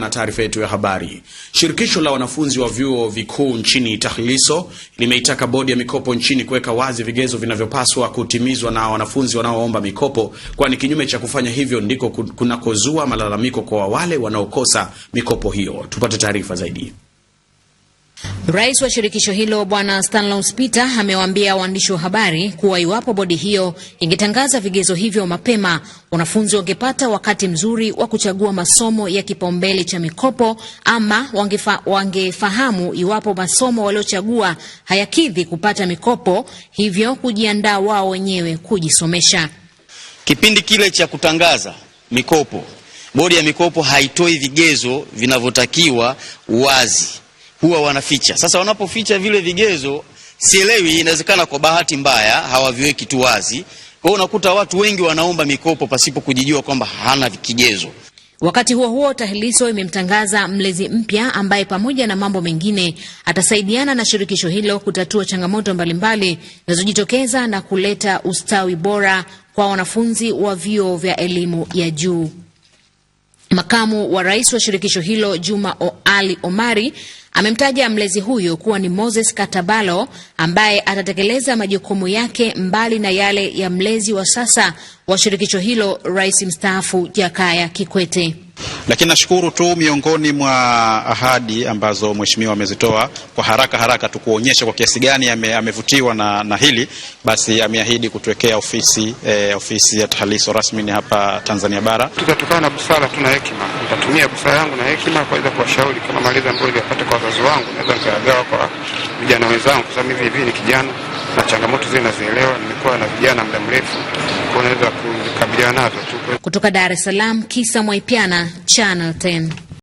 Na taarifa yetu ya habari. Shirikisho la wanafunzi wa vyuo vikuu nchini TAHLISO limeitaka bodi ya mikopo nchini kuweka wazi vigezo vinavyopaswa kutimizwa na wanafunzi wanaoomba mikopo, kwani kinyume cha kufanya hivyo ndiko kunakozua malalamiko kwa wale wanaokosa mikopo hiyo. Tupate taarifa zaidi. Rais wa shirikisho hilo Bwana Stanlaus Peter amewaambia waandishi wa habari kuwa iwapo bodi hiyo ingetangaza vigezo hivyo mapema, wanafunzi wangepata wakati mzuri wa kuchagua masomo ya kipaumbele cha mikopo ama wangefa, wangefahamu iwapo masomo waliochagua hayakidhi kupata mikopo, hivyo kujiandaa wao wenyewe kujisomesha. Kipindi kile cha kutangaza mikopo, bodi ya mikopo haitoi vigezo vinavyotakiwa wazi huwa wanaficha. Sasa wanapoficha vile vigezo, sielewi, inawezekana kwa bahati mbaya hawaviweki tu wazi. Kwa hiyo unakuta watu wengi wanaomba mikopo pasipo kujijua kwamba hana kigezo. Wakati huo huo, TAHLISO imemtangaza mlezi mpya ambaye pamoja na mambo mengine atasaidiana na shirikisho hilo kutatua changamoto mbalimbali zinazojitokeza na kuleta ustawi bora kwa wanafunzi wa vyuo vya elimu ya juu. Makamu wa rais wa shirikisho hilo Juma o Ali Omari amemtaja mlezi huyo kuwa ni Moses Katabalo ambaye atatekeleza majukumu yake mbali na yale ya mlezi wa sasa wa shirikisho hilo Rais mstaafu Jakaya Kikwete. Lakini nashukuru tu, miongoni mwa ahadi ambazo mheshimiwa amezitoa kwa haraka haraka tu kuonyesha kwa kiasi gani ame, amevutiwa na, na hili basi, ameahidi kutuwekea ofisi eh, ofisi ya tahaliso rasmi ni hapa Tanzania Bara. Tutatokana na busara, tuna hekima, nitatumia busara yangu na hekima kuweza kuwashauri kama malezi ambayo niliyapata kwa wazazi wangu naweza nikayagawa kwa vijana wenzangu, kwa sababu hivi hivi ni kijana na changamoto zile nazielewa, nimekuwa na vijana muda mrefu kwa naweza ku tunashirikiana nazo tu. Kutoka Dar es Salaam, Kisa Mwaipiana, Channel 10.